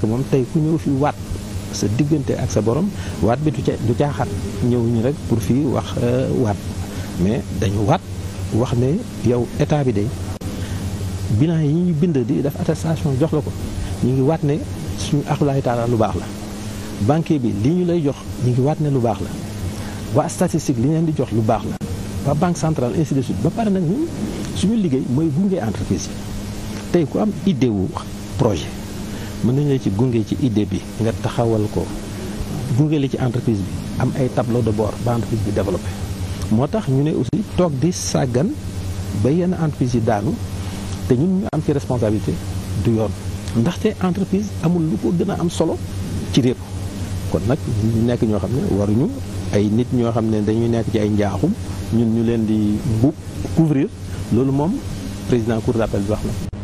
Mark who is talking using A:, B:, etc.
A: daanaka moom tey ku ñëw fi waat sa diggante ak sa borom waat bi du ca du caaxat ñëw ñu rek pour fi wax euh, waat mais dañu waat wax ne yow état bi day bilan yi ñu bind di def attestation jox la ko ñu ngi waat ne suñu axulaay lu baax la banque bi li ñu lay jox ñu ngi waat ne lu baax la waa statistique li leen di jox lu baax la waa banque centrale ainsi suite ba pare nag ñun suñu liggéey mooy gunge entreprise yi tey ku am idée wu projet mën nañu ci gunge ci idée bi nga taxawal ko gunge la ci entreprise bi am ay tableau de bord ba entreprise bi développé moo tax ñu ne aussi toog di sàggan ba yenn entreprise yi daanu te ñun ñu am ci responsabilité du yoon ndaxte entreprise amul lu ko gën a am solo ci réew kon nag ñu nekk ñoo xam ne waruñu ay nit ñoo xam ne dañuy nekk ci ay njaaxum ñun ñu leen di mbuub couvrir loolu moom
B: président cour d'appel bi wax na